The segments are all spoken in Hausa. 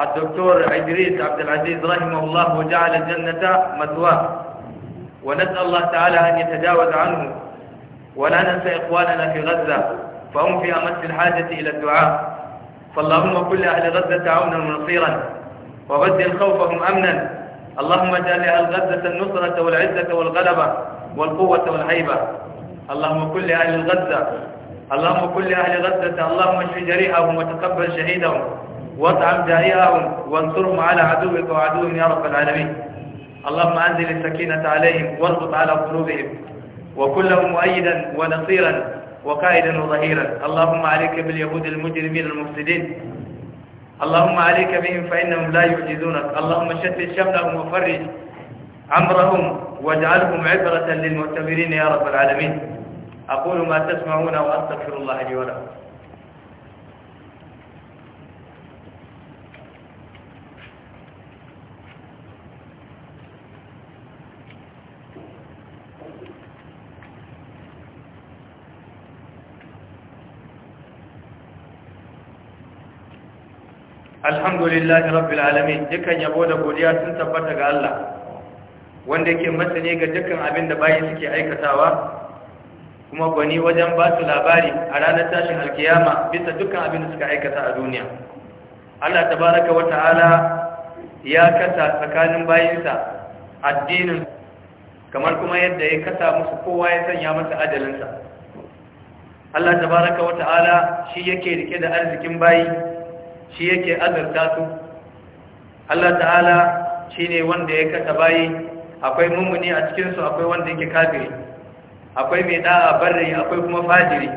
الدكتور عدريس عبد العزيز رحمه الله وجعل الجنة مثواه ونسأل الله تعالى أن يتجاوز عنه ولا ننسى إخواننا في غزة فهم في أمس الحاجة إلى الدعاء فاللهم كل أهل غزة عونا ونصيرا وبدل خوفهم أمنا اللهم اجعل أهل غزة النصرة والعزة والغلبة والقوة والهيبة اللهم كل أهل غزة اللهم كل أهل غزة اللهم اشف جريحهم وتقبل شهيدهم واطعم جائعهم وانصرهم على عدوك وعدوهم يا رب العالمين اللهم أنزل السكينة عليهم واربط على قلوبهم وكلهم مؤيدا ونصيرا وقائدا وظهيرا اللهم عليك باليهود المجرمين المفسدين اللهم عليك بهم فإنهم لا يعجزونك اللهم شتت شملهم وفرج عمرهم واجعلهم عبرة للمعتبرين يا رب العالمين أقول ما تسمعون وأستغفر الله لي ولكم alhamdulillahi rabbil alamin dukan yabo da godiya sun tabbata ga Allah wanda yake masane ga dukan abin da bayi suke aikatawa kuma gani wajen ba su labari a ranar tashin alkiyama bisa dukkan abin da suka aikata a duniya Allah tabaraka wa ta'ala ya kasa tsakanin bayinsa addinin kamar kuma yadda ya kasa musu kowa ya sanya masa adalinsa Allah tabaraka wa ta'ala shi yake rike da arzikin bayi shi yake azurta su Allah ta'ala shi ne wanda ya kasa bayi akwai mummuni a cikinsu akwai wanda yake kafiri akwai mai da'a barri akwai kuma fajiri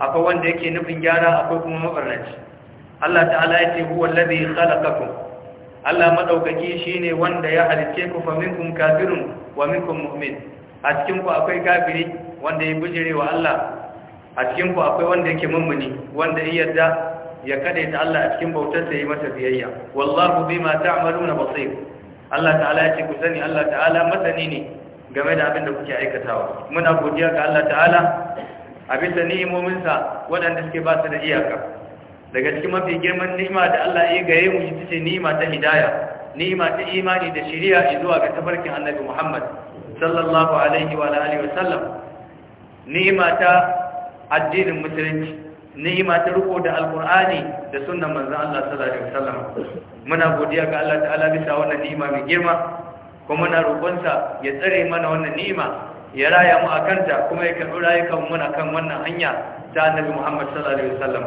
akwai wanda yake nufin gyara akwai kuma mabarnaci Allah ta'ala ya ce huwa ladhi khalaqakum Allah madaukaki shine wanda ya halice ku fa minkum kafirun wa minkum mu'min a cikin ku akwai kafiri wanda ya bujire wa Allah a cikin ku akwai wanda yake mummuni wanda ya yarda ya kadaita Allah a cikin bautarsa yi masa biyayya wallahu bima ta'maluna basir Allah ta'ala ya ce ku sani Allah ta'ala masani ne game da abin da kuke aikatawa muna godiya ga Allah ta'ala a bisa ni'imominsa waɗanda suke ba su da iyaka daga cikin mafi girman ni'ima da Allah ya gaye mu ita ce ni'ima ta hidaya ni'ima ta imani da shari'a zuwa ga tabarkin Annabi Muhammad sallallahu alaihi wa alihi wa sallam ni'ima ta addinin musulunci ni'ima ta riko da alkur'ani da sunnan manzon Allah sallallahu alaihi wasallam muna godiya ga Allah ta'ala bisa wannan ni'ima mai girma kuma muna roƙonsa ya tsare mana wannan ni'ima ya raya mu akan ta kuma ya karɓi rayukan mu kan wannan hanya ta Annabi Muhammad sallallahu alaihi wasallam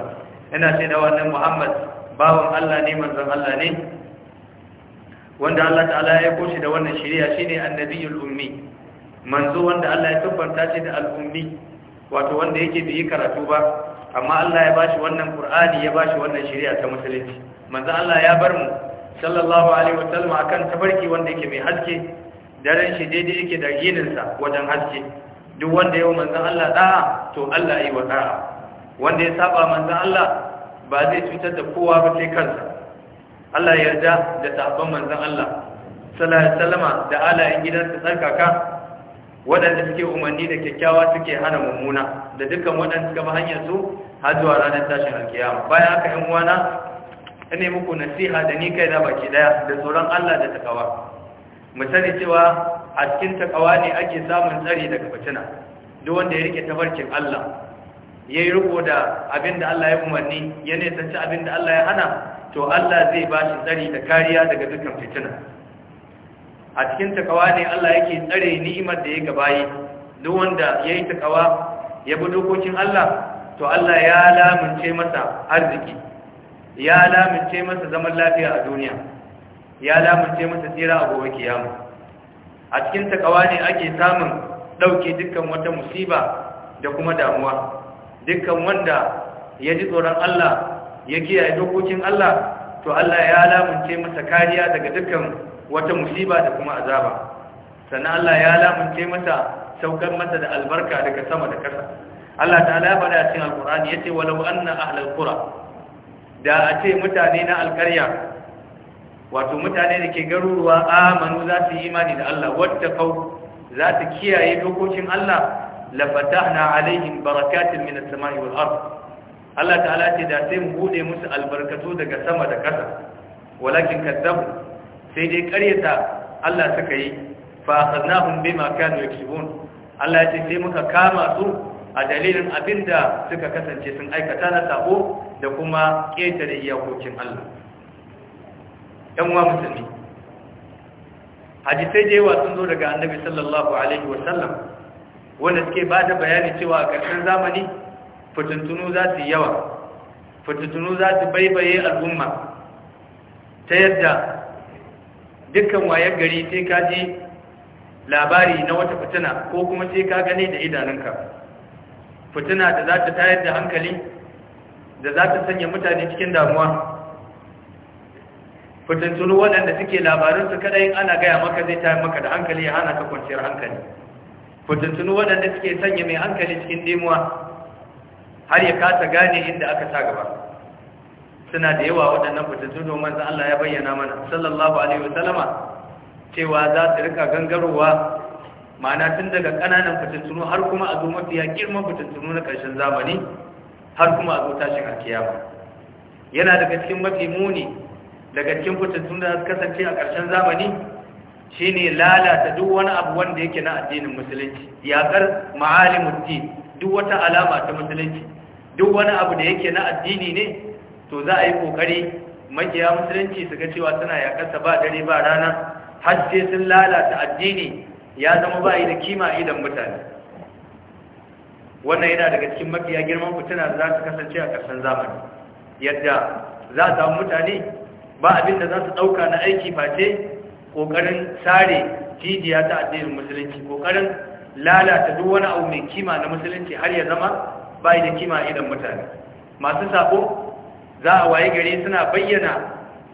ina ce da wannan Muhammad bawan Allah ne manzon Allah ne wanda Allah ta'ala ya koshi da wannan shari'a shine annabiyul ummi manzo wanda Allah ya tabbata shi da al-ummi wato wanda yake bi karatu ba amma Allah ya bashi wannan Qur'ani ya bashi wannan shari'a ta musulunci manzo Allah ya bar mu sallallahu alaihi wa sallam akan tabarki wanda yake mai haske daren shi daidai yake da yinin sa wajen haske duk wanda yau manzo Allah da'a to Allah yi wa da'a wanda ya saba manzo Allah ba zai cutar da kowa ba sai kansa Allah ya yarda da sabon manzo Allah sallallahu alaihi sallama da alayin gidansa tsarkaka waɗanda suke umarni da kyakkyawa suke hana mummuna da dukkan waɗanda suka bi hanyar su har zuwa ranar tashin alkiyama bayan haka yan uwana ne muku nasiha da ni kai na baki ɗaya, da tsoron Allah da takawa mu sani cewa a cikin takawa ne ake samun tsari daga fitina duk wanda ya rike tabarkin Allah ya yi riko da abin da Allah ya umarni ya nisanci abin da Allah ya hana to Allah zai ba shi tsari da kariya daga dukkan fitina a cikin takawa ne Allah yake tsare ni'imar da ya gabaye duk wanda yayi takawa ya bi dokokin Allah to Allah ya lamince masa arziki ya lamince masa zaman lafiya a duniya ya lamince masa tsira a gobe kiyama a cikin takawa ne ake samun dauke dukkan wata musiba da kuma damuwa dukkan wanda ya ji tsoron Allah ya kiyaye dokokin Allah to Allah ya lamince masa kariya daga dukkan wata musiba da kuma azaba sannan Allah ya lamunce mata saukar mata da albarka daga sama da ƙasa Allah ta ala faɗa cikin alƙur'ani yace walau anna ahlul qura da a ce mutane na alƙarya wato mutane da ke garuruwa amanu za su yi imani da Allah wattaqau za su kiyaye dokokin Allah la fatahna alaihim barakatin minas samai wal ard Allah ta'ala ce da sai mu bude musu albarkatu daga sama da ƙasa walakin kadzabu sai dai karyata Allah suka yi fa akhadnahum bima kanu yaksubun Allah ya ce sai muka kama su a dalilin abinda suka kasance sun aikata na sabo da kuma ƙetare iyakokin Allah ɗan wa musulmi hadisai da yawa sun zo daga annabi sallallahu alaihi sallam wanda suke ba da bayani cewa a ƙarshen zamani fitintunu za su yawa fitintunu za su baibaye al'umma ta yadda dukkan wayar gari sai ka ji labari na wata fitina ko kuma sai ka gane da idanunka fitina da za ta tayar da hankali da za ta sanya mutane cikin damuwa fitintunu waɗanda suke labarinsu kadai ana gaya maka zai tayar maka da hankali ya hana ka kwanciyar hankali fitintunu waɗanda suke sanya mai hankali cikin demuwa har ya kasa gane inda aka sa gaba suna da yawa waɗannan fitattun domin zan Allah ya bayyana mana sallallahu alaihi wasallama cewa za su rika gangarowa ma'ana tun daga kananan fitattunu har kuma a zo mafi mafiya girman fitattunu na ƙarshen zamani har kuma a zo tashin alkiyama yana daga cikin mafi muni daga cikin fitattun da suka kasance a ƙarshen zamani shine lalata duk wani abu wanda yake na addinin musulunci Yaƙar ma'alimuddin duk wata alama ta musulunci duk wani abu da yake na addini ne to za a yi kokari makiya musulunci su ga cewa suna yakarsa ba dare ba rana har sai sun lalata addini ya zama ba yi da kima a idan mutane wannan yana daga cikin mafiya girman fitina za su kasance a ƙarshen zamani yadda za a samu mutane ba abin da za su ɗauka na aiki face ƙoƙarin sare jijiya ta addinin musulunci ƙoƙarin lalata duk wani abu mai kima na musulunci har ya zama ba yi da kima a idan mutane masu sabo za a waye gari suna bayyana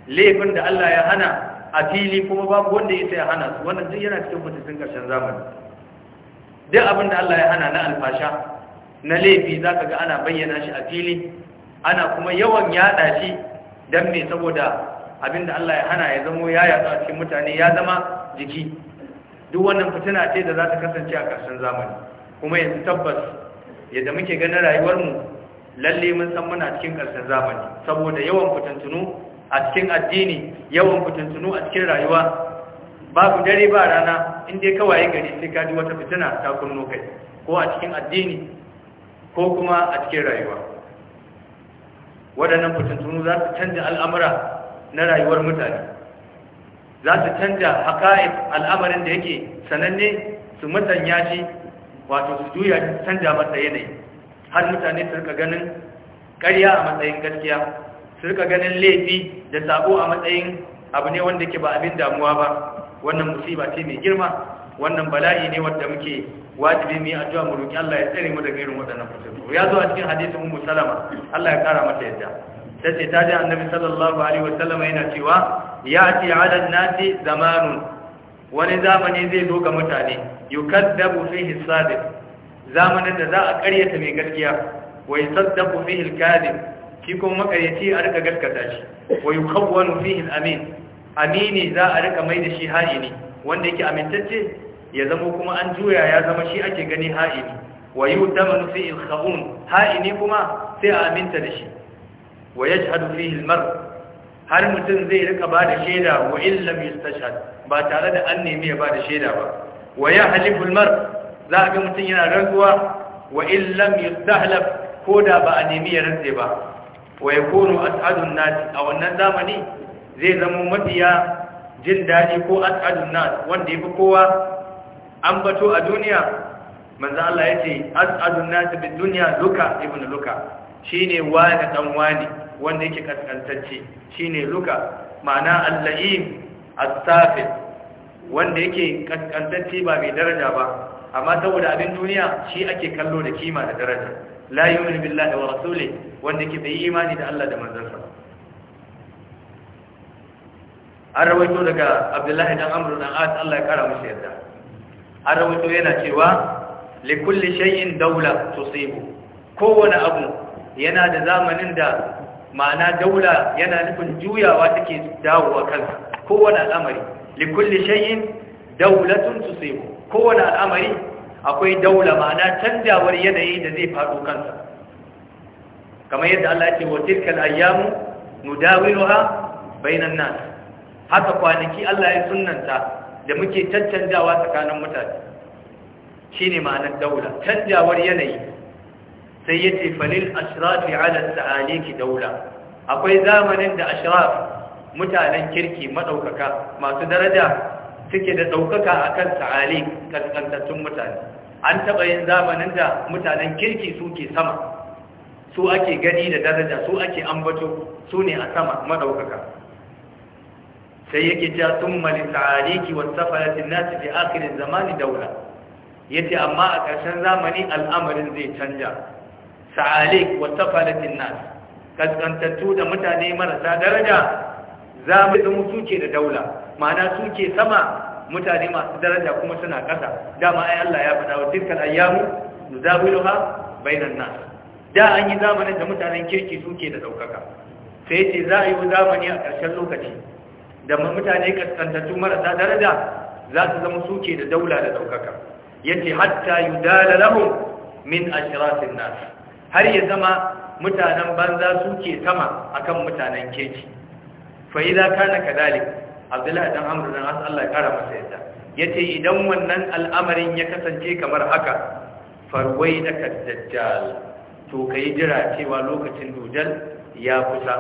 laifin da Allah ya hana a fili kuma babu wanda ya ya hana su wannan duk yana cikin mutuncin ƙarshen zamani duk abin da Allah ya hana na alfasha na laifi za ka ga ana bayyana shi a fili ana kuma yawan yaɗa shi don me saboda abin da Allah ya hana ya zamo ya yaɗa a cikin mutane ya zama jiki duk wannan fitina ce da za ta kasance a ƙarshen zamani kuma yanzu tabbas yadda muke ganin rayuwarmu lalle mun san muna cikin ƙarshen zamani saboda yawan fitintunu a cikin addini yawan fitintunu a cikin rayuwa babu dare ba rana in dai kawai gari sai ka ji wata fitina ta kunno kai ko a cikin addini ko kuma a cikin rayuwa waɗannan fitintunu za su canja al'amura na rayuwar mutane za su canja haƙa'if al'amarin da yake sananne su musanya shi wato su juya canja masa yanayi har mutane su rika ganin ƙarya a matsayin gaskiya su rika ganin laifi da sabo a matsayin abu ne wanda ke ba abin damuwa ba wannan musiba ce mai girma wannan bala'i ne wanda muke wajibi mu yi addu'a mu roki Allah ya tsare mu daga irin waɗannan fitinu ya zo a cikin hadisin Ummu Salama Allah ya kara mata yadda sai ta ji Annabi sallallahu alaihi wa sallam yana cewa ya'ti 'ala an-nasi zamanun wani zamani zai zo ga mutane yukaddabu fihi sadiq zamanin da za a ƙaryata mai gaskiya Wai yusaddaqu fihi al-kadhib kuma makaryaci a rika gaskata shi Wai yukawwanu fihi al amini za a rika mai da shi ha'ini wanda yake amintacce ya zama kuma an juya ya zama shi ake gani ha'ini wa yutamanu fihi al ha'ini kuma sai a aminta da shi wa yajhadu fihi har mutum zai rika ba da shaida wa illam yustashhad ba tare da an nemi ya ba da shaida ba wa hali haliful za a ga mutum yana rantsuwa wa illam yustahlab ko da ba a nemi ya rantse ba wa yakunu as'adun nas a wannan zamani zai zama mafiya jin daɗi ko as'adun nas wanda yafi kowa an bato a duniya manzo Allah yace as'adun nas bi dunya luka ibn luka shine wani dan wani wanda yake kaskantacce shine luka ma'ana al-la'im as-safi wanda yake kaskantacce ba mai daraja ba amma saboda abin duniya shi ake kallo da kima da daraja la yu'minu billahi wa rasuli wanda ke bai imani da Allah da manzansa an rawaito daga Abdullahi dan Amr dan As Allah ya kara masa yarda. an rawaito yana cewa li kulli shay'in dawla tusibu kowane abu yana da zamanin da ma'ana daula yana nufin juyawa take dawowa kansa kowane al'amari li kulli shay'in daulatun ko kowane al'amari akwai daula ma'ana canjawar yanayi da zai faɗo kansa kamar yadda Allah ke ce wa tilkal ayyamu nudawiruha bainan nas haka kwanaki Allah ya sunnanta da muke cancanjawa tsakanin mutane shine ma'anar daula canjawar yanayi sai yace falil ashrafi ala sa'aliki daula akwai zamanin da ashraf mutanen kirki madaukaka masu daraja suke da ɗaukaka a kan sa'ali kaskantattun mutane an taɓa yin zamanin da mutanen kirki suke sama su ake gani da daraja su ake ambato su ne a sama maɗaukaka sai yake ja sun mali ki wasu safaratin nasu fi akirin zamani daula ya ce amma a ƙarshen zamani al'amarin zai canja sa'alik wasu safaratin nasu kaskantattu da mutane marasa daraja zamanin su ke da daula ma'ana su ke sama mutane masu daraja kuma suna ƙasa dama ai Allah ya faɗa wa dukkan ayyamu nuzawiluha bainan nas da an yi zamanin da mutanen kirki suke da daukaka sai ce za a yi zamani a ƙarshen lokaci da mutane kaskantattu marasa daraja za su zama suke da daula da daukaka yace hatta yudala lahum min ashratin nas har ya zama mutanen banza suke sama akan mutanen kirki fa idza kana kadalik abdullahi dan Amru dan as Allah ya kara masa yadda yace idan wannan al'amarin ya kasance kamar haka farwai da dajjal to kai jira cewa lokacin dujal ya kusa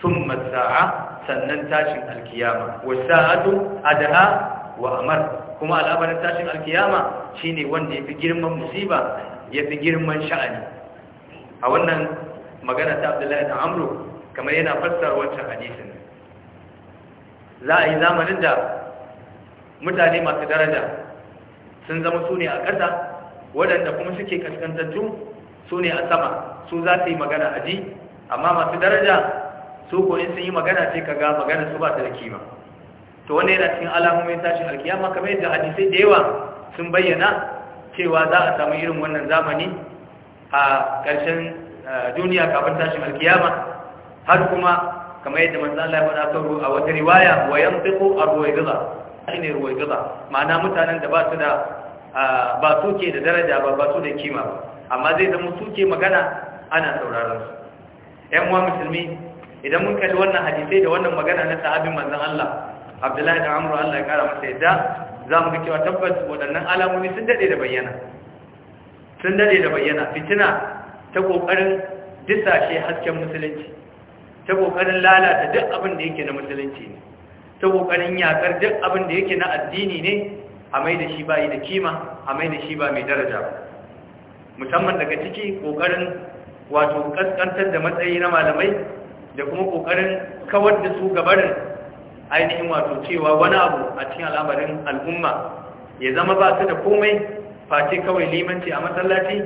thumma sa'a sannan tashin alkiyama wa sa'atu adha wa amar kuma al'amarin tashin alkiyama shine wanda yafi girman musiba yafi girman sha'ani a wannan magana ta Abdullahi Dan Amru kamar yana fassara wancan hadisin za a yi zamanin da mutane masu daraja sun zama su ne a ƙasa waɗanda kuma suke kaskantattu su ne a sama su za su yi magana a ji amma masu daraja su ko sun yi magana ce ka ga magana su ba ta da kima to wanda yana cikin alamomin tashin alkiyama kamar yadda hadisai da yawa sun bayyana cewa za a samu irin wannan zamani a ƙarshen eh, duniya kafin tashin alkiyama har kuma kamar yadda manzo Allah ya faɗa sauro a wata riwaya wa yantiqu ar-ruwaydiza shine ruwaydiza ma'ana mutanen da ba su da ba su ke da daraja ba ba su da kima ba amma zai zama su ke magana ana sauraron su ƴan uwa musulmi idan mun kalli wannan hadisai da wannan magana na sahabin manzo Allah Abdullahi da Amru Allah ya kara masa yadda za mu ga cewa tabbas waɗannan alamomi sun dade da bayyana sun dade da bayyana fitina ta kokarin disashe hasken musulunci ta kokarin lalata duk abin da yake na musulunci ne ta kokarin yakar duk abin da yake na addini ne a mai da shi ba da kima a mai da shi ba mai daraja ba musamman daga ciki kokarin wato kaskantar da matsayi na malamai da kuma kokarin kawar da su gabarin ainihin wato cewa wani abu a cikin al'amarin al'umma ya zama ba su da komai face kawai limanci a masallaci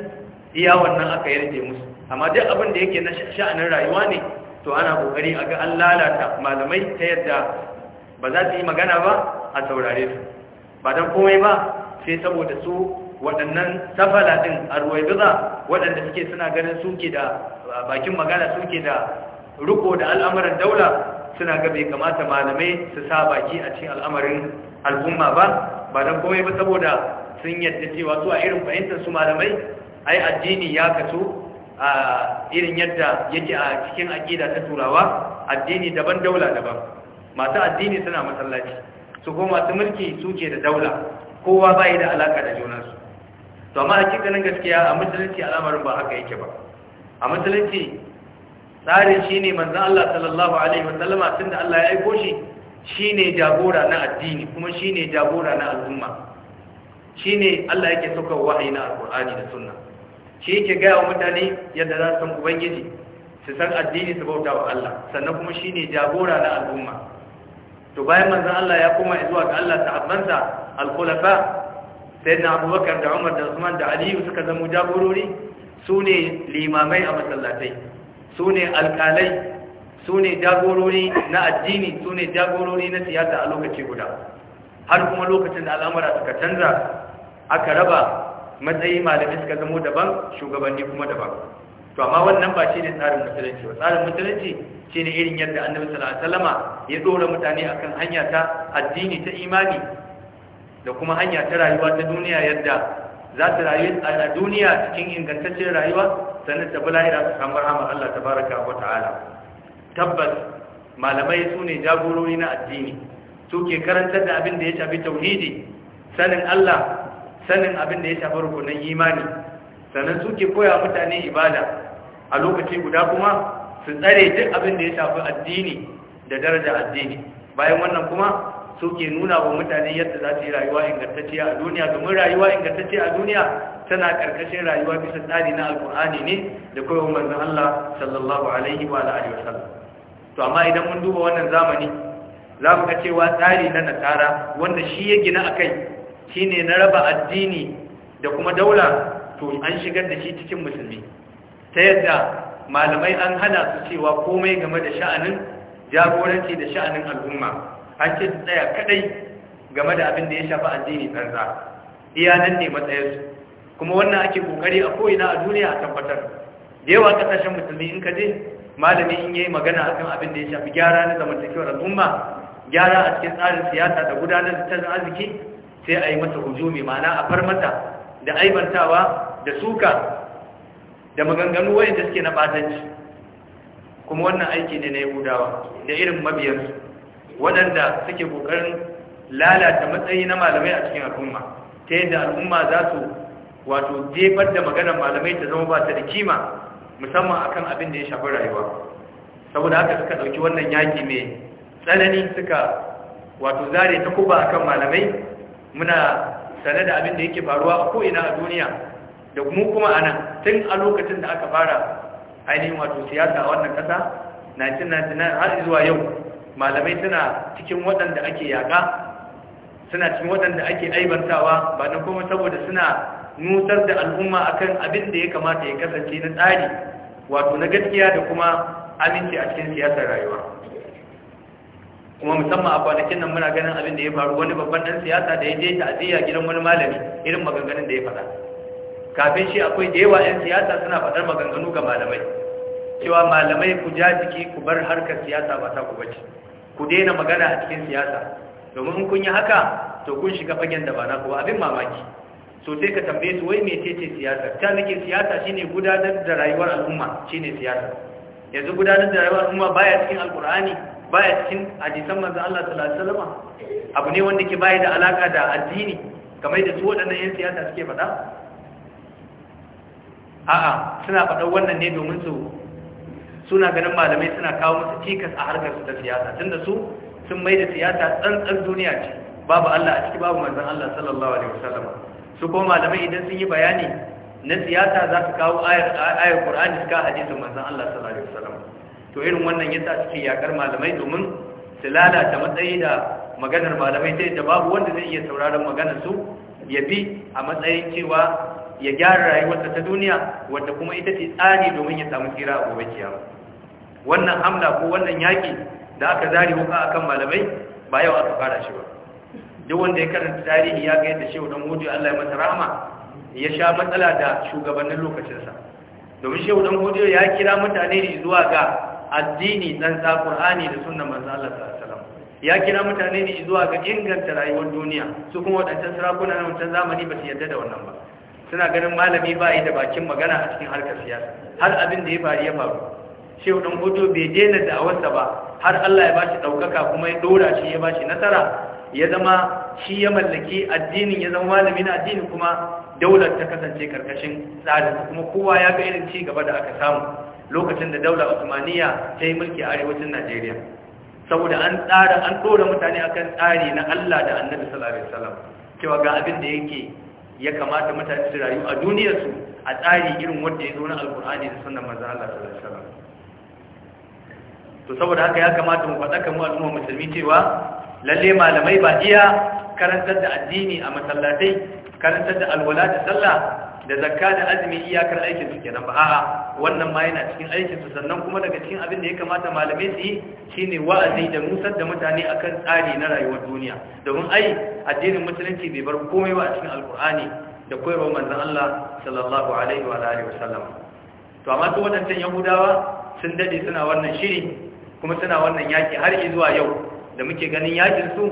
iya wannan aka yarje musu amma duk abin da yake na sha'anin rayuwa ne to ana kokari a ga an lalata malamai ta yadda ba za su yi magana ba a saurare su ba don komai ba sai saboda su waɗannan safala ɗin a ruwaibiza waɗanda suke suna ganin suke da bakin magana suke da riko da al'amuran daula suna ga bai kamata malamai su sa baki a cikin al'amarin al'umma ba ba don komai ba saboda sun yadda cewa su a irin fahimtar su malamai ai addini ya kaso. a irin yadda yake a cikin aƙida ta turawa addini daban daula daban masu addini suna masallaci su ko masu mulki su ke da daula kowa ba da alaƙa da junansu to amma a cikin gaskiya a musulunci al'amarin ba haka yake ba a musulunci tsarin shi ne manzan Allah sallallahu Alaihi wasallama tun da Allah ya aiko shi shi ne jagora na addini kuma shi ne jagora na al'umma shi ne Allah yake suka wahayi na al'ur'ani da sunna shi yake gaya wa mutane yadda za su san ubangiji su san addini su bauta wa Allah sannan kuma shi ne jagora na al'umma to bayan manzan Allah ya koma zuwa ga Allah sahabbansa al Sai na Abubakar da Umar da Usman da Aliyu suka zama jagorori su ne limamai a masallatai su ne alkalai su ne jagorori na addini su ne jagorori na siyasa a lokaci guda har kuma lokacin da al'amura suka canza aka raba matsayi malamai suka zamo daban shugabanni kuma daban to amma wannan ba shi ne tsarin musulunci ba tsarin musulunci shi ne irin yadda annabi sallallahu alaihi wasallama ya dora mutane akan hanya ta addini ta imani da kuma hanya ta rayuwa ta duniya yadda za ta rayu a duniya cikin ingantaccen rayuwa sannan ta bula'ira ta samu rahama Allah baraka, wa ta'ala tabbas malamai su ne jagorori na addini su ke karantar da abin da ya shafi tauhidi sanin Allah sanin abin da ya shafi rukunan imani sannan suke koya mutane ibada a lokaci guda kuma su tsare duk abin da ya shafi addini da daraja addini bayan wannan kuma suke nuna wa mutane yadda za su yi rayuwa ingantacciya a duniya domin rayuwa ingantacciya a duniya tana karkashin rayuwa bisa tsari na alkur'ani ne da koyon manzon Allah sallallahu alaihi wa alihi wasallam to amma idan mun duba wannan zamani za mu ga cewa tsari na nasara wanda shi ya gina a kai. Shi ne na raba addini da kuma daula to an shigar da shi cikin musulmi ta yadda malamai an hana su cewa komai game da sha'anin jagoranci da sha'anin al'umma an ce tsaya kadai game da abin da ya shafi addini tsantsa iya nan ne matsayarsu? kuma wannan ake kokari a ko'ina a duniya a tabbatar da yawa kasashen musulmi in ka je malami in yayi magana akan abin da ya shafi gyara na zamantakewar al'umma gyara a cikin tsarin siyasa da gudanar da tattalin arziki sai a yi mata hujumi ma'ana a far mata da aibantawa da suka da maganganu wayanda suke na batanci kuma wannan aiki ne na yahudawa da irin mabiyansu waɗanda suke ƙoƙarin lalata matsayi na malamai a cikin al'umma ta yadda al'umma za su wato jefar da maganar malamai ta zama ba ta da kima musamman a kan abin da ya shafi rayuwa saboda haka suka ɗauki wannan yaƙi mai tsanani suka wato zare ta kuba a kan malamai muna sane da abin da yake faruwa a ko'ina a duniya da mu kuma a nan tun a lokacin da aka fara ainihin wato siyasa a wannan ƙasa 1999 har zuwa yau malamai suna cikin waɗanda ake yaƙa suna cikin waɗanda ake aibantawa ba na kuma saboda suna nutar da al'umma akan abin da ya kamata ya kasance na tsari wato na gaskiya da kuma aminci a cikin siyasar rayuwa kuma musamman a kwanakin nan muna ganin abin da ya faru wani babban dan siyasa da ya je ta aziya gidan wani malami irin maganganun da ya faɗa kafin shi akwai da yawa 'yan siyasa suna faɗar maganganu ga malamai cewa malamai ku ja jiki ku bar harkar siyasa ba ta ku bace ku daina magana a cikin siyasa domin in kun yi haka to kun shiga fagen da ba na kuwa abin mamaki so sai ka tambaye su wai mecece siyasa ta nake siyasa shine gudanar da rayuwar al'umma shine siyasa yanzu gudanar da rayuwar al'umma baya cikin alkur'ani baya cikin hadisan manzo Allah sallallahu alaihi wasallam abu ne wanda ke bayar da alaka da addini kamar da su waɗannan yan siyasa suke faɗa a'a suna faɗa wannan ne domin su suna ganin malamai suna kawo musu cikas a harkar su ta siyasa tunda su sun mai da siyasa tsantsan duniya ce babu Allah a ciki babu manzon Allah sallallahu alaihi wasallam su kuma malamai idan sun yi bayani na siyasa za su kawo ayar ayar Qur'ani suka hadisin manzon Allah sallallahu alaihi wasallam to irin wannan yasa suke yakar malamai domin su lalata matsayi da maganar malamai ta yadda babu wanda zai iya sauraron maganar su ya bi a matsayin cewa ya gyara rayuwarsa ta duniya wadda kuma ita ce tsari domin ya samu tsira a gobe kiyama wannan hamla ko wannan yaki da aka zari wuka akan malamai ba yau aka fara shi ba duk wanda ya karanta tarihi ya ga yadda shehu dan hudu Allah ya masa rahama ya sha matsala da shugabannin lokacinsa domin shehu dan hudu ya kira mutane zuwa ga addini dan da Qur'ani da sunnar manzo Allah sallallahu alaihi wasallam ya kira mutane ne zuwa ga inganta rayuwar duniya su kuma wadannan sarakuna na wancan zamani ba su yarda da wannan ba suna ganin malami ba yi da bakin magana a cikin harkar siyasa har abin da ya faru ya faru shehu dan hoto bai daina da'awarsa ba har Allah ya bashi daukaka kuma ya dora shi ya bashi nasara ya zama shi ya mallaki addinin ya zama malami na addini kuma daular ta kasance karkashin tsarin kuma kowa ya ga irin ci gaba da aka samu lokacin da daular Usmaniya ta yi mulki a arewacin Najeriya saboda an tsara an dora mutane akan tsari na Allah da Annabi sallallahu alaihi wasallam cewa ga abin da yake ya kamata mutane su rayu a duniyarsu a tsari irin wanda ya zo na Alkur'ani da sunnar manzon Allah sallallahu alaihi wasallam to saboda haka ya kamata mu faɗa kan al'umma musulmi cewa lalle malamai ba iya karantar da addini a masallatai karantar da alwala da sallah da zakka da azumi iyakar aikin su kenan ba a'a wannan ma yana cikin aikin su sannan kuma daga cikin abin da ya kamata malamai su yi shine wa'azi da nusar da mutane akan tsari na rayuwar duniya domin ai addinin musulunci bai bar komai ba a cikin alkur'ani da koyarwar manzon Allah sallallahu alaihi wa alihi to amma su wadannan yahudawa sun dade suna wannan shiri kuma suna wannan yaki har zuwa yau da muke ganin yakin su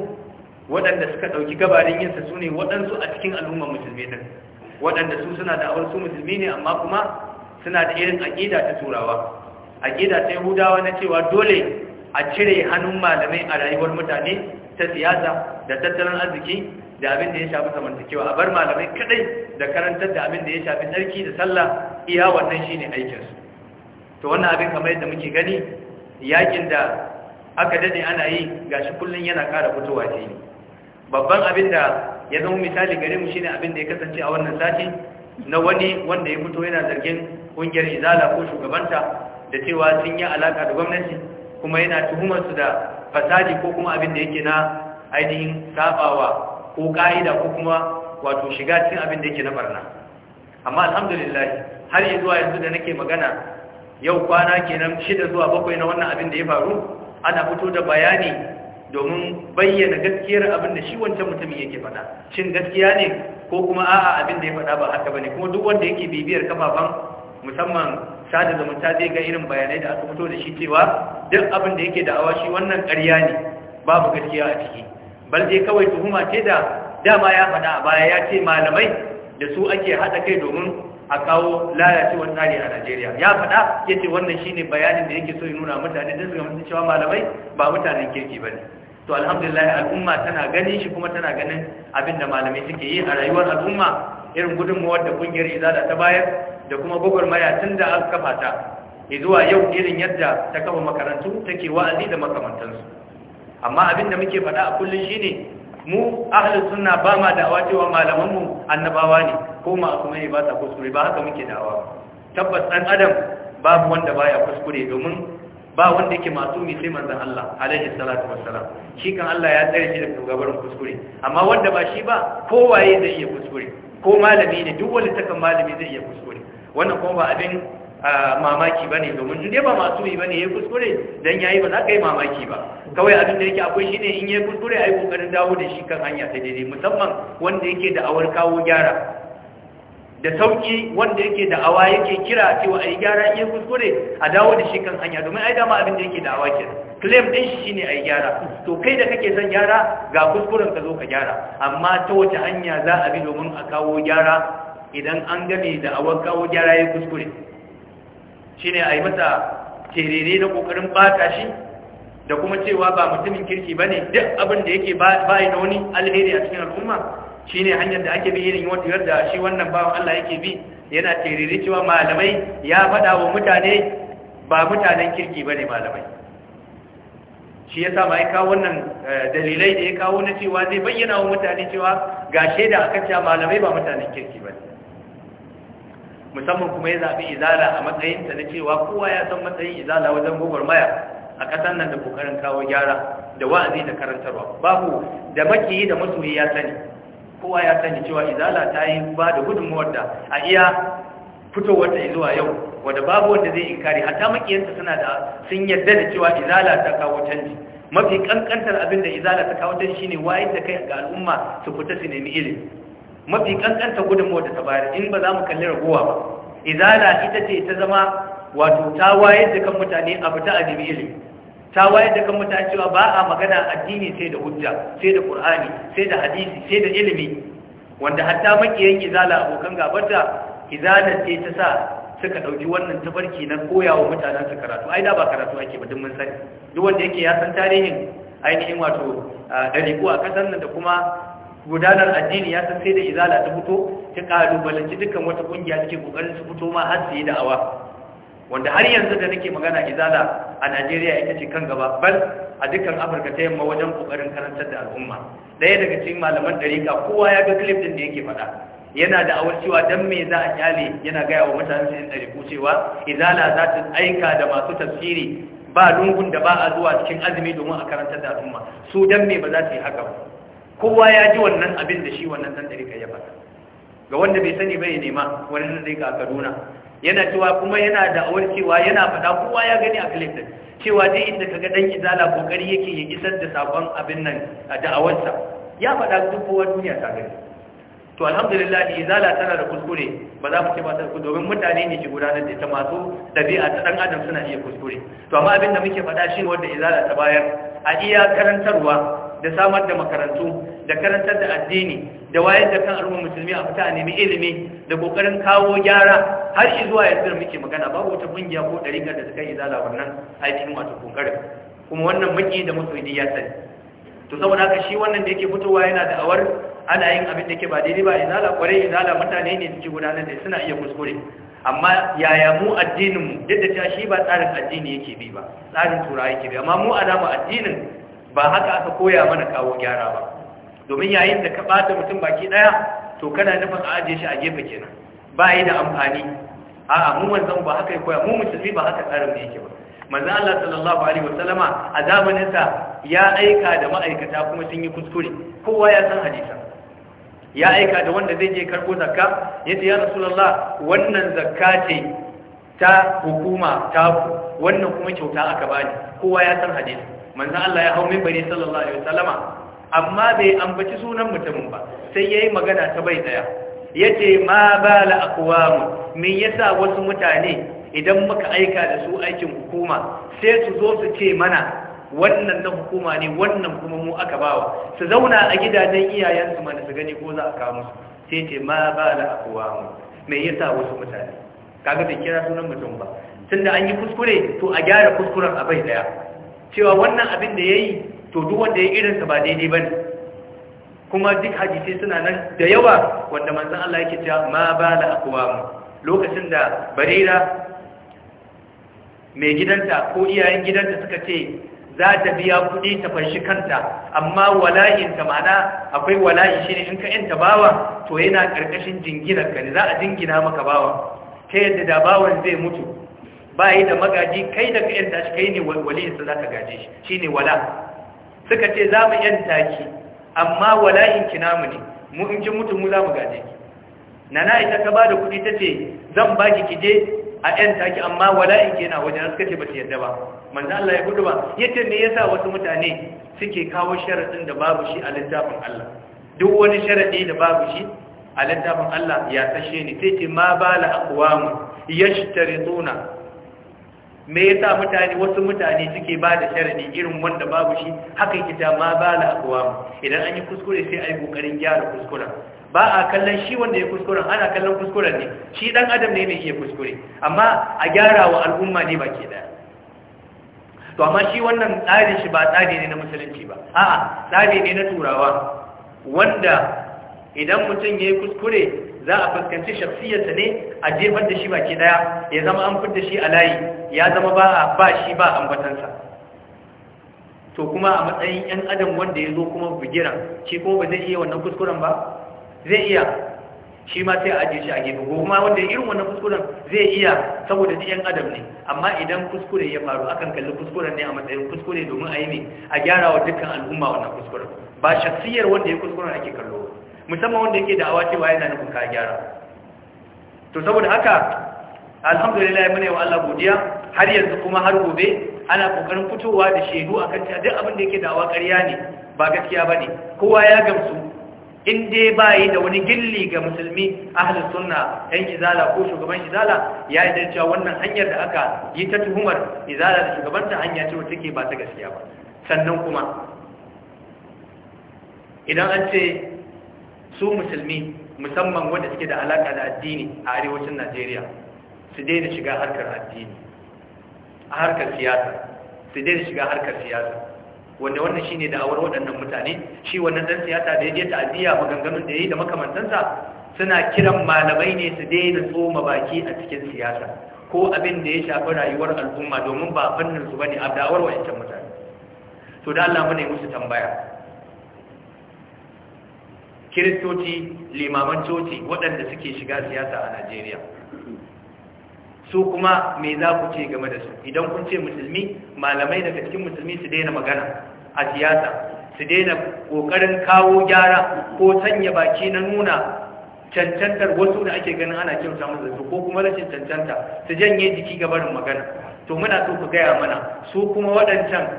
waɗanda suka ɗauki gabarin yinsa su ne waɗansu a cikin al'ummar musulmi ɗin waɗanda su suna da awar su musulmi ne amma kuma suna da irin aƙida ta turawa aƙida ta yahudawa na cewa dole a cire hannun malamai a rayuwar mutane ta siyasa da tattalin arziki da abin da ya shafi zamantakewa a bar malamai kadai da karantar da abin da ya shafi tsarki da sallah iya wannan shine aikinsu to wannan abin kamar yadda muke gani yakin da aka dade ana yi ga shi kullun yana ƙara fitowa ce ne babban abin da ya zama misali gare mu shine abin da ya kasance a wannan sati na wani wanda ya fito yana zargin kungiyar izala ko shugabanta da cewa sun yi alaka da gwamnati kuma yana tuhumar su da fasadi ko kuma abin da yake na ainihin sabawa ko ka'ida ko kuma wato shiga cikin abin da yake na barna amma alhamdulillah har zuwa yanzu da nake magana yau kwana kenan shida zuwa bakwai na wannan abin da ya faru ana fito da bayani domin bayyana gaskiyar abin da shi wancan mutumin yake faɗa shin gaskiya ne ko kuma a'a abin da ya faɗa ba haka bane kuma duk wanda yake bibiyar kafafen musamman sada zumunta zai ga irin bayanai da aka fito da shi cewa duk abin da yake da'awa shi wannan ƙarya ne babu gaskiya a ciki bal dai kawai tuhuma ce da dama ya faɗa a baya ya ce malamai da su ake haɗa kai domin a kawo lalacewar tsari a Najeriya ya faɗa ce wannan shine bayanin da yake so ya nuna mutane da suka mutunci cewa malamai ba mutanen kirki ba bane to alhamdulillah al'umma tana ganin shi kuma tana ganin abinda malamai suke yi a rayuwar al'umma irin gudunmuwar da kungiyar izada ta bayar da kuma gwagwarmaya tun da aka kafa ta zuwa yau irin yadda ta kafa makarantu take wa'azi da makamantansu amma abin da muke faɗa a kullum shine mu ahlus sunna ba ma da'awa cewa malaman mu annabawa ne ko ma kuma ne ba ta kuskure ba haka muke da'awa tabbas dan adam babu wanda baya kuskure domin ba wanda yake masumi sai manzon Allah alaihi salatu wassalam shi kan Allah ya tsare shi daga gabarin kuskure amma wanda ba shi ba kowaye zai iya kuskure ko malami ne duk wani takan malami zai iya kuskure wannan kuma ba abin mamaki ba ne domin dai ba masu yi ba ne ya kuskure don ya yi ba za ka yi mamaki ba kawai abin da yake akwai shi ne in ya kuskure a yi kokarin dawo da shi kan hanya ta daidai musamman wanda yake da awar kawo gyara da sauki wanda yake da awa yake kira cewa a yi gyara in ya kuskure a dawo da shi kan hanya domin ai dama abin da yake da awa kenan claim din shi shine yi gyara to kai da kake son gyara ga kuskuren ka zo ka gyara amma ta wace hanya za a bi domin a kawo gyara idan an game da awar kawo gyara ya kuskure shine a yi masa terere na ƙoƙarin bata shi da kuma cewa ba mutumin kirki bane duk abin da yake bai da wani alheri a cikin al'umma shine hanyar da ake bi irin wata da shi wannan bawan Allah yake bi yana terere cewa malamai ya faɗa wa mutane ba mutanen kirki bane malamai shi ya sa ma ya wannan eh, dalilai da ya kawo na cewa zai bayyana wa mutane cewa ga shaida akan cewa malamai ba mutanen kirki bane musamman kuma ya zaɓi izala a matsayinta na cewa kowa ya san matsayin izala wajen gwagwarmaya a ƙasar nan da ƙoƙarin kawo gyara da wa'azi da karantarwa babu da makiyi da masoyi ya sani kowa ya sani cewa izala ta yi ba da gudunmuwar da a iya fitowar ta zuwa yau wanda babu wanda zai inkari hatta makiyarsa suna da sun yarda da cewa izala ta kawo canji mafi kankantar abin da izala ta kawo canji shine wayar da kai ga al'umma su fita su nemi ilimi mafi kankanta gudunmawar da ta bayar in ba za mu kalli ragowa ba izala ita ce ta zama wato ta wayar da kan mutane a fita a nemi ilimi ta wayar da kan mutane cewa ba a magana addini sai da hujja sai da qur'ani sai da hadisi sai da ilimi wanda hatta makiyan izala abokan gabata izala ce ta sa suka dauki wannan tafarki na koyawa mutanen su karatu ai da ba karatu ake ba duk mun sani duk wanda yake ya san tarihin ainihin wato ɗariƙo a kasar nan da kuma gudanar addini ya san sai da izala ta fito ta kalubalanci dukkan wata kungiya take kokarin su fito ma har sai da'awa wanda har yanzu da nake magana izala a Najeriya ita ce kan gaba bal a dukkan Afirka ta yamma wajen kokarin karantar da al'umma daya daga cikin malaman dariƙa kowa ya ga clip din da yake faɗa yana da awar cewa dan me za a kyale yana gaya wa mutane sun ku cewa izala za ta aika da masu tafsiri ba lungun da ba a zuwa cikin azumi domin a karantar da al'umma su dan me ba za su yi haka ba kowa ya ji wannan abin da shi wannan dan dariƙa ya faɗa ga wanda bai sani bai nema wani dan dariƙa a Kaduna yana cewa kuma yana da awar cewa yana faɗa kowa ya gani a Clinton cewa dai inda kaga dan izala kokari yake ya isar da sabon abin nan a da'awarsa ya faɗa duk kowa duniya ta gani to alhamdulillah izala tana da kuskure ba za mu ce ba ta kuskure domin mutane ne ke gudanar da ita masu dabi'a ta dan adam suna iya kuskure to amma abin da muke faɗa shi wanda izala ta bayar a iya karantarwa da samar da makarantu da karantar da addini da wayar da kan al'ummar musulmi a fita a nemi ilimi da kokarin kawo gyara har zuwa yanzu da muke magana babu wata kungiya ko dariƙar da suka yi zala wannan aikin wato kokarin kuma wannan maki da masoyi ya sani to saboda haka shi wannan da yake fitowa yana da awar ana yin abin da ke ba daidai ba izala yanzu izala mutane ne suke gudanar da suna iya kuskure amma yaya mu addininmu duk da ta shi ba tsarin addini yake bi ba tsarin turawa yake bi amma mu alama addinin ba haka aka koya mana kawo gyara ba domin yayin da ka bata mutum baki daya to kana nufin a ajiye shi a gefe kenan ba yi da amfani a'a mu wanzan ba haka ya koya mu musulmi ba haka tsarin da yake ba manzon Allah sallallahu alaihi wasallama a zamanin sa ya aika da ma'aikata kuma sun yi kuskure kowa ya san hadisa ya aika da wanda zai je karbo zakka yace ya rasulullah wannan zakka ce ta hukuma ta wannan kuma kyauta aka bani kowa ya san hadisi manzo Allah ya hau mimbari sallallahu alaihi wasallama amma bai ambaci sunan mutumin ba sai yayi magana ta bai daya yace ma bala aqwam me yasa wasu mutane idan muka aika da su aikin hukuma sai su zo su ce mana wannan na hukuma ne wannan kuma mu aka bawa su zauna a gidajen iyayensu mana su gani ko za a kawo musu sai ce ma Bala aqwam me yasa wasu mutane kaga bai kira sunan mutum ba tunda an yi kuskure to a gyara kuskuren a bai daya cewa wannan abin da ya yi to duk wanda ya yi irinsa ba daidai ba ne kuma duk hadisi suna nan da yawa wanda manzan Allah yake cewa ma ba la mu. lokacin da barira mai gidanta ko iyayen gidanta suka ce za ta biya kuɗi ta kanta amma wala'inta ma'ana akwai wala'i shi ne in ka yanta bawa to yana ƙarƙashin jinginarka ne za a jingina maka bawa ta yadda da bawan zai mutu ba yi da magaji kai da ka yanta shi kai ne waliyinsa za ka gaje shi shi ne wala suka ce za mu yanta ki amma wala'in ki namu ne mu in ji mutum mu za mu gaje ki na ita ka ba da kuɗi ta ce zan ba ki kije a yanta ki amma wala'in ki yana wajen suka ce ba su yadda ba manzo Allah ya gudu ba yace me yasa wasu mutane suke kawo sharadin da babu shi a littafin Allah duk wani sharadi da babu shi a littafin Allah ya kashe ni sai ce ma bala aqwamu yashtarituna me yasa mutane wasu mutane suke ba da sharadi irin wanda babu shi haka ta ma ba la kuwa idan an yi kuskure sai ai kokarin gyara kuskure ba a kallon shi wanda ya kuskuren ana kallon kuskuren ne shi dan adam ne mai iya kuskure amma a gyara wa al'umma ne baki daya to amma shi wannan tsari shi ba tsari ne na musulunci ba a'a tsari ne na turawa wanda idan mutum yayi kuskure za a fuskanci shafiyarsa ne a jefar da shi baki daya ya zama an fitar shi a layi ya zama ba a ba shi ba ambatansa to kuma a matsayin yan adam wanda ya zo kuma bigiran shi ko ba zai iya wannan kuskuren ba zai iya shi ma sai a ajiye shi a gefe ko kuma wanda irin wannan kuskuren zai iya saboda shi yan adam ne amma idan kuskure ya faru akan kalli kuskuren ne a matsayin kuskure domin a yi ne a gyara wa dukkan al'umma wannan kuskuren ba shafiyar wanda ya kuskuren ake kallo musamman wanda yake da'awa cewa yana nufin ka gyara to saboda haka alhamdulillah muna yi wa Allah godiya har yanzu kuma har gobe ana kokarin fitowa da shedu a cewa duk abin da yake da'awa ƙarya ne ba gaskiya ne, kowa ya gamsu in dai ba yi da wani gilli ga musulmi ahlus sunna yan izala ko shugaban izala ya yi cewa wannan hanyar da aka yi ta tuhumar izala da shugabanta hanya ce wacce take ba ta gaskiya ba sannan kuma idan an ce su musulmi musamman wanda suke da alaka da addini a arewacin Najeriya su daina shiga harkar addini a harkar siyasa su daina shiga harkar siyasa wanda wannan shine awar waɗannan mutane shi wannan dan siyasa da yaje ta'aziyya maganganun da yayi da makamantansa suna kiran malamai ne su daina tsoma baki a cikin siyasa ko abin da ya shafi rayuwar al'umma domin ba fannin su bane a da'awar wa'ancan mutane to da Allah mu ne musu tambaya kiristoci limaman coci waɗanda suke shiga siyasa a najeriya su kuma me za ku ce game da su idan kun ce musulmi malamai daga cikin musulmi su daina magana a siyasa su daina ƙoƙarin kawo gyara ko sanya baki na nuna cancantar wasu da ake ganin ana kyauta musu su ko kuma rashin cancanta su janye jiki ga barin magana to muna so ku gaya mana su kuma waɗancan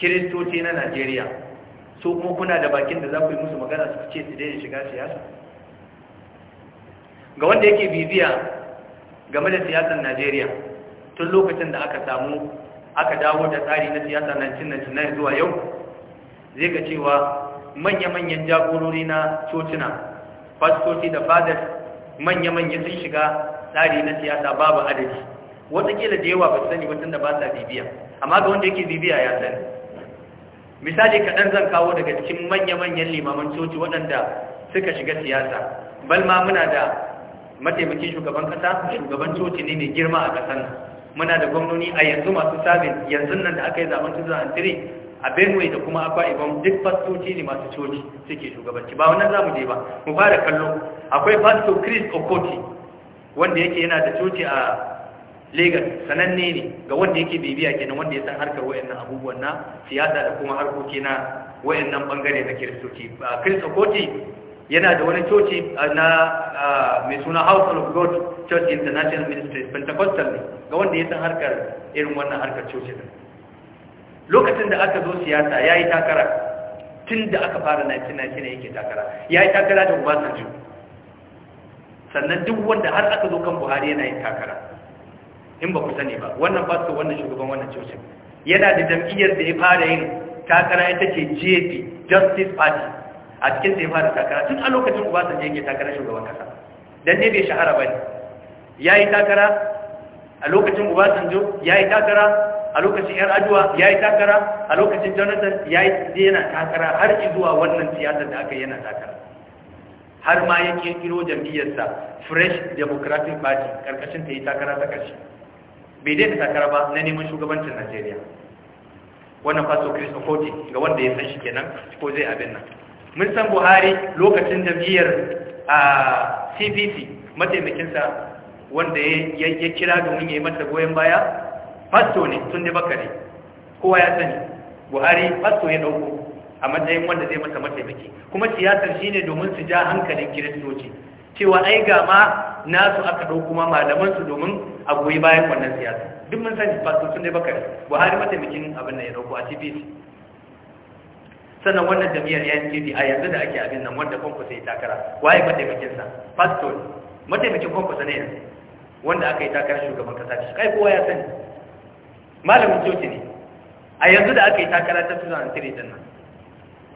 kiristoci na najeriya so kuma kuna da bakin da za ku yi musu magana su ce su daidai shiga siyasa ga wanda yake bibiya game da siyasar Najeriya tun lokacin da aka samu aka dawo da tsari na siyasa 1999 zuwa yau zai ga cewa manya-manyan jagorori na cocina fastoci da fadar manya-manya sun shiga tsari na siyasa babu adadi watakila da yawa ba sani watan da ba sa bibiya amma ga wanda yake bibiya ya sani misali kaɗan zan kawo daga cikin manya-manyan limaman coci waɗanda suka shiga siyasa bal ma muna da mataimakin shugaban ƙasa shugaban coci ne mai girma a ƙasar muna da gwamnoni a yanzu masu sabin yanzu nan da aka yi zaben 2003 a benue da kuma akwa ibom duk fastoci ne masu coci suke shugabanci ba wannan za mu je ba mu fara kallo akwai fasto chris okoti wanda yake yana da coci a Legas sananne ne ga wanda yake bibiya kenan wanda ya san harkar wayannan abubuwan na siyasa da kuma harkoki na wayannan bangare na kiristoci kirista koti yana da wani coci na mai suna house of god church international ministry pentecostal ne ga wanda ya san harkar irin wannan harkar coci da lokacin da aka zo siyasa ya yi takara tun da aka fara 1999 yake takara ya yi takara da obasanjo sannan duk wanda har aka zo kan buhari yana yin takara in ba ku sani ba wannan pastor wannan shugaban wannan cocin yana da jam'iyyar da ya fara yin takara ita ce JP Justice Party a cikin da ya fara takara tun a lokacin Obasanjo yake takara shugaban kasa dan ne bai shahara Ya yayi takara a lokacin Obasanjo yayi takara a lokacin yar aduwa yayi takara a lokacin Jonathan yayi yana takara har zuwa wannan siyasar da aka yana takara har ma ya kirkiro jam'iyyarsa Fresh Democratic Party karkashin ta yi takara ta karshe bai daina takara ba na neman shugabancin najeriya wannan faso chris kotu ga wanda ya san shi kenan ko zai abin nan mun san buhari lokacin jam'iyyar a cpc mataimakinsa wanda ya kira domin ya yi mata goyon baya fasto ne tun da bakare kowa ya sani buhari fasto ya dauko a matsayin wanda zai mata mataimaki kuma siyasar shine domin su ja hankalin kiristoci cewa ai ga ma nasu aka ɗau kuma malaman su domin a goyi bayan wannan siyasa duk mun sani fasto sun dai bakar buhari mataimakin abin da ya ɗauko a tv sannan wannan jami'ar yankidi a yanzu da ake abin nan wanda kwankwasa ya takara waye mataimakinsa fasto mataimakin kwankwasa ne yanzu wanda aka yi takara shugaban kasa shi kai kowa ya sani malamin coci ne a yanzu da aka yi takara ta 2003 din nan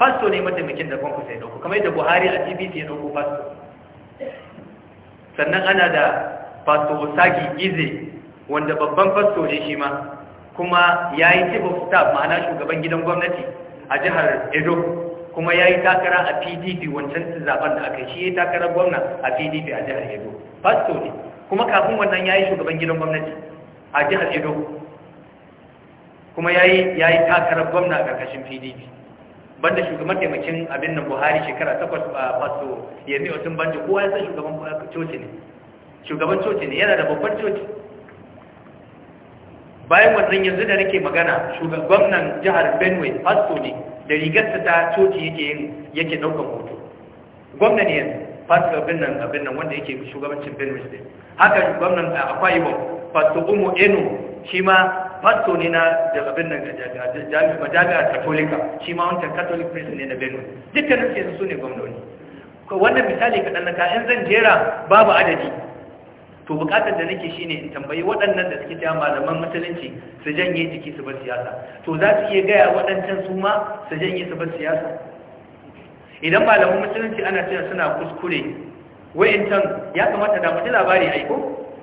fasto ne mataimakin da kwankwasa ya dauko kamar yadda buhari a tbc ya dauko fasto sannan ana da fasto osagi Gize wanda babban fasto ne shi ma kuma ya yi tip of staff ma'ana shugaban gidan gwamnati a jihar edo kuma ya yi takara a pdp wancan zaben da aka shi ya yi takarar gwamna a pdp a jihar edo fasto ne kuma kafin wannan ya yi shugaban gidan gwamnati a jihar edo kuma ya yi takarar gwamna a ƙarƙashin pdp banda shugaban taimakin abin nan buhari shekara takwas a ya yami otun banji kowa ya san shugaban uh, coci ne shugaban coci ne yana da babban coci bayan wannan yanzu da nake magana shugaban jihar benue fasto ne da rigarsa ta coci yake yin yake daukan hoto gwamna ne yanzu fasto abin nan abin nan wanda yake shugabancin benue state haka gwamnan uh, akwai wa fasto umu eno shi ma fasto ne na da abin nan majami'ar katolika shi ma wancan katolik prison ne na benue dukkanin su su ne gwamnoni wannan misali kaɗan na kayan zan jera babu adadi to bukatar da nake shine in tambayi waɗannan da suke cewa malaman musulunci su janye jiki su bar siyasa to za su iya gaya waɗancan su ma su janye su bar siyasa idan malaman musulunci ana cewa suna kuskure wayancan ya kamata da mutu labari aiko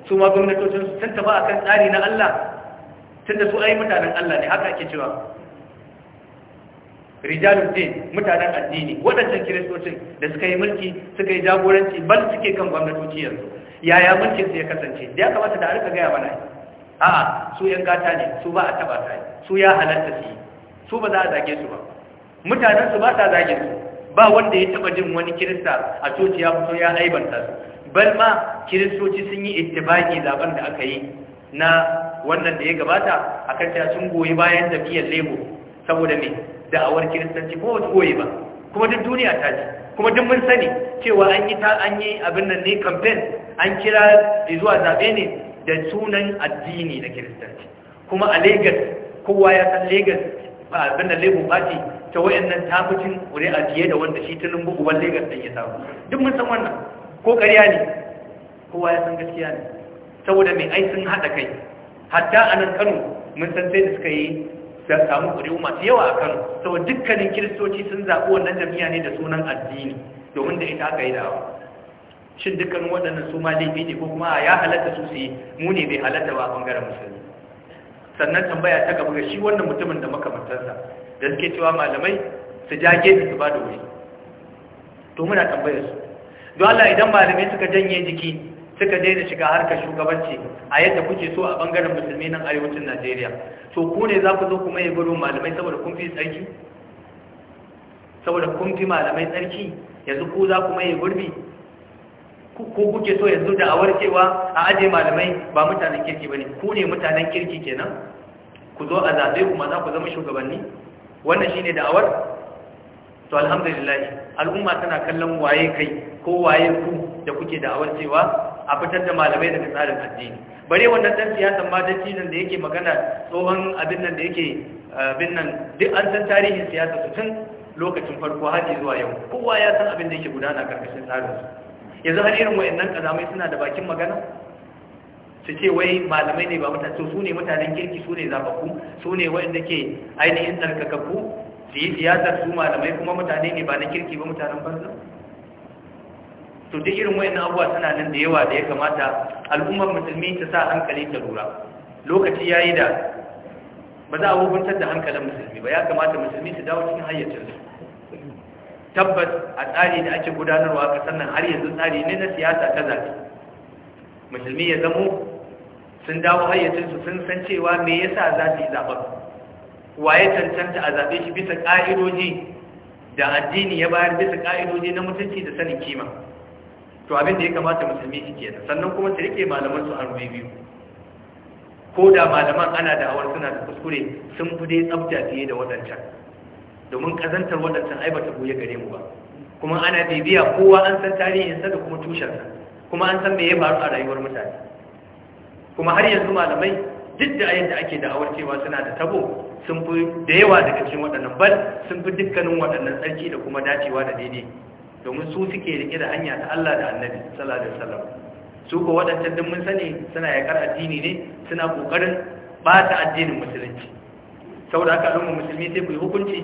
su ma gwamnatocin su sun taba akan tsari na Allah tunda su ai mutanen Allah ne haka ake cewa rijalun din mutanen addini waɗancan kiristocin da suka yi mulki suka yi jagoranci bal suke kan gwamnatoci yanzu yaya mulkin su ya kasance da ya kamata da a gaya mana a'a su yan gata ne su ba a taba ta su ya halatta su su ba za a zage su ba mutanen su ba sa zage su ba wanda ya taba jin wani kirista a coci ya fito ya aibanta su bal ma kiristoci sun yi ittibaki zaben da aka yi na wannan da ya gabata a kan cewa sun goyi bayan jam'iyyar lebo saboda me da'awar kiristanci ko wata goyi ba kuma duk duniya ta ce kuma duk mun sani cewa an yi ta an yi abin nan ne campaign an kira zuwa zaɓe ne da sunan addini na kiristanci kuma a Lagos kowa ya san Lagos ba abin da Labour Party ta wayannan tafucin ƙuri'a fiye da wanda shi tunin buguban Lagos ɗin ya samu duk mun san wannan ko ƙarya ne kowa ya san gaskiya ne saboda mai ai sun haɗa kai hatta a nan kano mun san sai da suka yi da samu ƙuri'u masu yawa a kano saboda dukkanin kiristoci sun zaɓi wannan jami'a ne da sunan addini domin da ita aka yi da'awa shin dukkanin waɗannan su ma laifi ne ko kuma ya halatta su su yi mu ne bai halatta ba a ɓangaren musulmi sannan tambaya ta gaba ga shi wannan mutumin da makamantarsa da suke cewa malamai su jage su ba da wuri to muna tambayar su don Allah idan malamai suka janye jiki suka daina shiga harkar shugabanci a yadda kuke so a bangaren musulmi nan arewacin Najeriya to ku ne za ku zo kuma yi gudun malamai saboda kun fi tsarki saboda kun fi malamai tsarki yanzu ku za ku mai gurbi ko kuke so yanzu da awar cewa a aje malamai ba mutanen kirki bane ku ne mutanen kirki kenan ku zo a zabe kuma za ku zama shugabanni wannan shine da'awar to alhamdulillah al'umma tana kallon waye kai ko waye ku da kuke da awar cewa a fitar da malamai daga tsarin addini bare wannan dan siyasan ma nan da yake magana tsohon abin nan da yake abin eh, nan duk an san tarihin siyasa su tun lokacin farko har zuwa yau kowa ya san abin da yake gudana karkashin tsarin su yanzu har irin wayannan kazamai suna da bakin magana su ce wai malamai ne ba mutane su ne mutanen kirki su ne zababbu su ne ke ainihin tsarkakakku su yi siyasar su malamai kuma mutane ne ba na kirki ba mutanen banza to duk irin wayannan abuwa suna nan da yawa da ya kamata al'ummar musulmi ta sa hankali ta lura lokaci yayi da ba za a hukuntar da hankalin musulmi ba ya kamata musulmi su dawo cikin hayyacinsu tabbas a tsari da ake gudanarwa a ƙasar nan har yanzu tsari ne na siyasa ta zaɓe musulmi ya zamo sun dawo hayyacinsu sun san cewa me yasa za su yi zaɓen waye cancanta a zaɓe shi bisa ƙa'idoji da addini ya bayar bisa ƙa'idoji na mutunci da sanin kima to abin da ya kamata musulmi shi kenan sannan kuma su rike malaman su arme biyu ko da malaman ana da awar suna da kuskure sun fi dai tsabta fiye da waɗancan domin kazantar waɗancan ai ba ta goye gare mu ba kuma ana bibiya kowa an san tarihinsa da kuma tushensa kuma an san me ya faru a rayuwar mutane kuma har yanzu malamai duk da ayyar da ake da'awar cewa suna da tabo sun fi da yawa daga cikin waɗannan bal sun fi dukkanin waɗannan tsarki da kuma dacewa da daidai domin su suke rike da hanya ta Allah da Annabi sallallahu alaihi wasallam su ko wadannan din mun sani suna yakar addini ne suna kokarin bata addinin musulunci saboda haka al'umma musulmi sai ku yi hukunci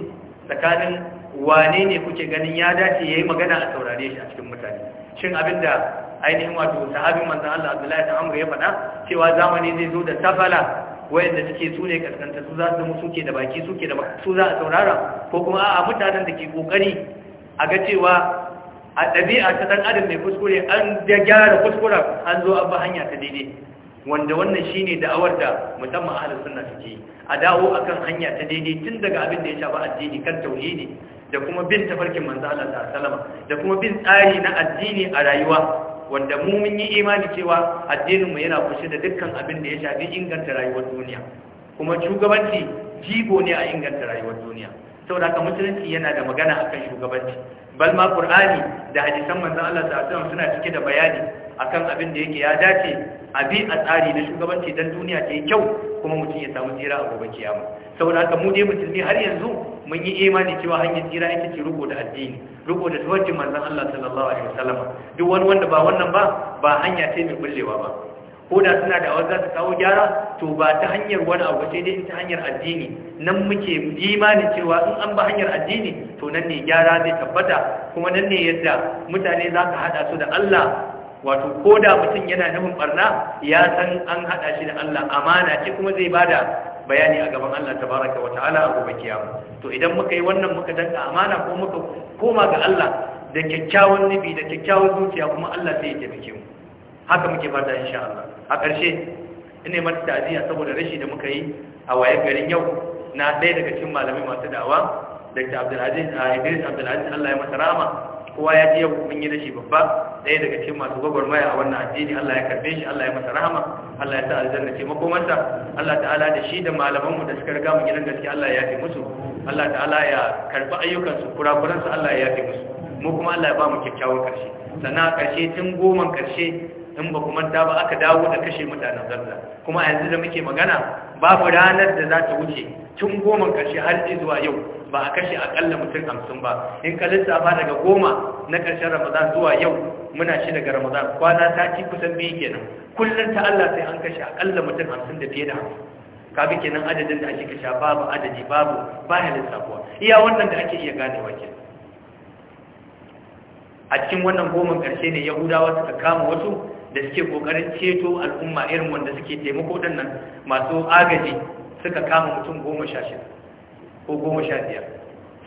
tsakanin wane ne kuke ganin ya dace yayi magana a taurare shi a cikin mutane shin abinda ainihin wato sahabin manzon Allah Abdullahi da Amr ya faɗa cewa zamani zai zo da tafala wayanda suke su ne kaskanta su za su mu suke da baki suke da su za a saurara ko kuma a'a mutanen da ke kokari a ga cewa a ɗabi'a ta ɗan adam mai kuskure an da gyara kuskura an zo an ba hanya ta daidai wanda wannan shine da'awar da musamman ahlus suna suke a dawo akan hanya ta daidai tun daga abin da ya shafi addini kan tauhidi da kuma bin tafarkin manzo Allah sallallahu salama, da kuma bin tsari na addini a rayuwa wanda mu mun yi imani cewa addinin mu yana kushe da dukkan abin da ya shafi inganta rayuwar duniya kuma shugabanci jigo ne a inganta rayuwar duniya saboda haka musulunci yana da magana akan shugabanci bal ma qur'ani da hadisan manzan Allah sallallahu suna cike da bayani akan abin da yake ya dace a bi a tsari na shugabanci dan duniya ta yi kyau kuma mutum ya samu tsira a gobe kiyama saboda haka mu dai musulmi har yanzu mun yi imani cewa hanyar tsira ita ce riko da addini riko da tawaccin manzon Allah sallallahu alaihi wasallam duk wani wanda ba wannan ba ba hanya ce mai bullewa ba ko da suna da awar za su kawo gyara to ba ta hanyar wani abu sai dai ta hanyar addini nan muke imanin cewa in an ba hanyar addini to nan ne gyara zai tabbata kuma nan ne yadda mutane za ka haɗa su da Allah wato ko da mutum yana nufin barna ya san an haɗa shi da Allah amana ce kuma zai ba da bayani a gaban Allah tabaraka wa ta'ala a gobe kiyama to idan muka yi wannan muka danka amana ko muka koma ga Allah da kyakkyawan nufi da kyakkyawan zuciya kuma Allah sai ya taimake mu haka muke fata insha Allah a ƙarshe ina mata ta'aziyya saboda rashi da muka yi a waye garin yau na ɗaya daga cikin malamai masu da'awa. Dr. Abdulaziz ah, Idris Abdulaziz Allah ya masa rahama kowa ya ji yau mun yi rashi babba ɗaya daga cikin masu gwagwarmaya a wannan addini Allah ya karbe shi Allah ya masa rahama Allah ya sa aljanna ce makomanta Allah ta'ala da shi da mu da suka riga mu gidan gaskiya Allah ya yafe musu Allah ta'ala ya karbi su, kurakuransu Allah ya yafe musu mu kuma Allah ya ba mu kyakkyawan karshe sannan karshe tun goman karshe in ba kuma ta ba aka dawo da kashe mutanen zalla kuma a yanzu da muke magana babu ranar da za ta wuce tun goma karshe har zuwa yau ba a kashe akalla mutum hamsin ba in ka lissafa daga goma na karshen ramadan zuwa yau muna shi daga ramadan kwana sati kusan biyu kenan kullum ta allah sai an kashe akalla mutum hamsin da fiye da hamsin kaga kenan adadin da ake kashe babu adadi babu baya lissafuwa iya wannan da ake iya gane ke a cikin wannan goman karshe ne yahudawa suka kama wasu da suke kokarin ceto al'umma irin wanda suke taimako nan masu agaji suka kama mutum goma sha shida ko goma sha biyar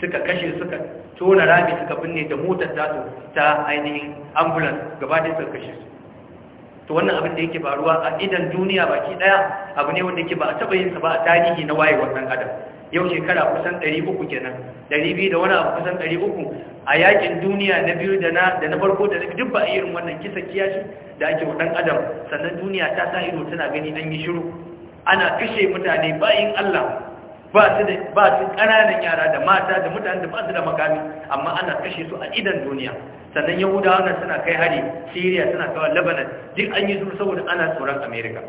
suka kashe suka tona rami suka binne da motar tasu ta ainihin ambulance gaba da suka kashe su to wannan abin da yake faruwa a idan duniya baki daya abu ne wanda yake ba a taba yin sa ba a tarihi na wayewar dan adam yau shekara kusan ɗari uku kenan 200 biyu da wani abu kusan 300 uku a yakin duniya na biyu da na farko da duk ba a irin wannan kisa kiyashi da ake wa ɗan adam sannan duniya ta sa ido tana gani an yi shiru ana kashe mutane bayin Allah ba su kananan yara da mata da mutane da ba su da makami amma ana kashe su a idan duniya sannan yahudawa suna kai hari syria suna kawo lebanon duk an yi su saboda ana tsoron america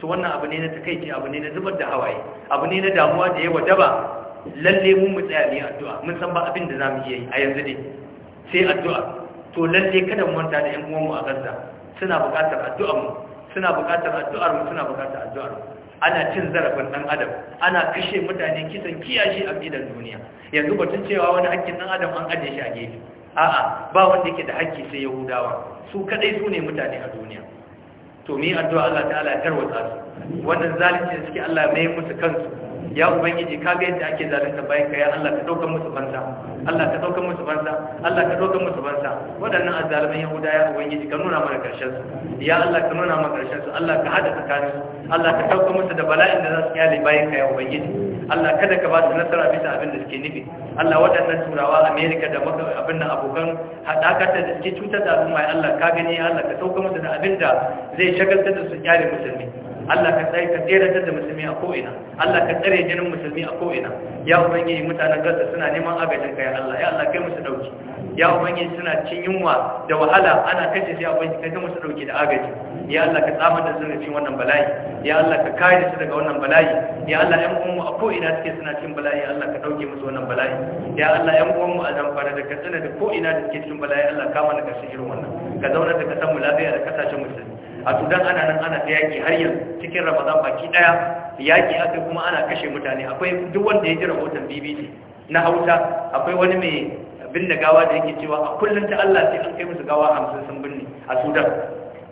to wannan abu ne na takaici abu ne na zubar da hawaye abu ne na damuwa da yawa daba lalle mun mu tsaya ne addu'a mun san ba abin da za mu iya yi a yanzu ne sai addu'a to lalle kada mu manta da yan uwanmu a Gaza suna buƙatar addu'ar mu suna buƙatar addu'ar mu suna buƙatar addu'ar mu ana cin zarafin ɗan adam ana kashe mutane kisan kiyashi a gidan duniya yanzu batun cewa wani hakkin ɗan adam an ajiye shi a gefe a'a ba wanda yake da hakki sai yahudawa su kadai su ne mutane a duniya to mi addu'a Allah ta'ala ya tarwata su wannan zalunci da suke Allah mai musu kansu ya ubangiji ka ga yadda ake zalunta bayan ka ya Allah ka daukar musu banza Allah ka daukar musu banza Allah ka daukar musu banza waɗannan azzalimin yahuda ya ubangiji ka nuna mana karshen su ya Allah ka nuna mana karshen su Allah ka hada tsakanin su Allah ka daukar musu da bala'in da za su kyale bayan ka ya ubangiji Allah kada ka ba su nasara bisa abin da suke nufi Allah waɗannan turawa Amerika da abin nan abokan ta da suke cutar da al'umma ya Allah ka gani ya Allah ka sauka musu da abin da zai shagaltar da su kyale musulmi Allah ka tsare ka tsere da musulmi a ko'ina Allah ka tsare jinin musulmi a ko'ina ya ubangiji mutanen Gaza suna neman agajin ka ya Allah ya Allah kai musu dauki ya ubangiji suna cin yunwa da wahala ana kace sai ubangiji kai musu dauki da agaji ya Allah ka tsamar da su daga cikin wannan bala'i ya Allah ka kare su daga wannan bala'i ya Allah 'yan uwan mu a ko'ina suke suna cikin bala'i Allah ka dauke musu wannan bala'i ya Allah 'yan uwan mu a zamfara da katsina da ko'ina da suke cin bala'i Allah ka mana karshen irin wannan ka zauna da kasan mu lafiya da kasashen musulmi a sudan ana nan ana ta yaƙi har yanzu cikin ramadan baki ɗaya yaƙi aka kuma ana kashe mutane akwai duk wanda ya ji rahoton bbc na hausa akwai wani mai binne gawa da yake cewa a kullum ta allah sai an kai musu gawa hamsin sun binne a sudan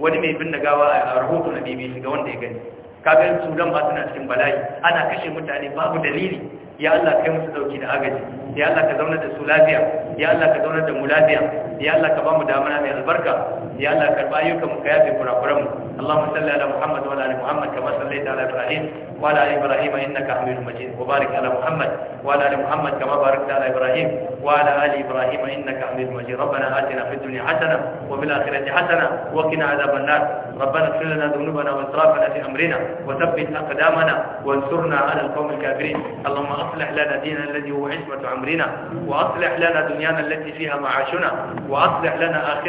wani mai binne gawa a rahoto na bbc ga wanda ya gani kaga sudan ba suna cikin bala'i ana kashe mutane babu dalili ya allah kai musu dauki da agaji ya Allah ka zauna da su lafiya ya Allah ka zauna da mu lafiya ya Allah ka ba mu damana mai albarka ya Allah karba ayyukan mu ka yafe kurakuran mu Allahumma salli ala Muhammad wa ala Muhammad kama sallaita ala Ibrahim wa ala Ibrahim innaka Hamidum Majid wa barik ala Muhammad wa ala Muhammad kama barakta ala Ibrahim wa ala ali Ibrahim innaka Hamidum Majid Rabbana atina fid dunya hasana wa fil akhirati hasana wa qina adhaban nar Rabbana اغفر لنا ذنوبنا واسرافنا في امرنا وثبت اقدامنا وانصرنا على القوم الكافرين اللهم اصلح لنا ديننا الذي هو عصمه امرنا أمرنا وأصلح لنا دنيانا التي فيها معاشنا وأصلح لنا آخرة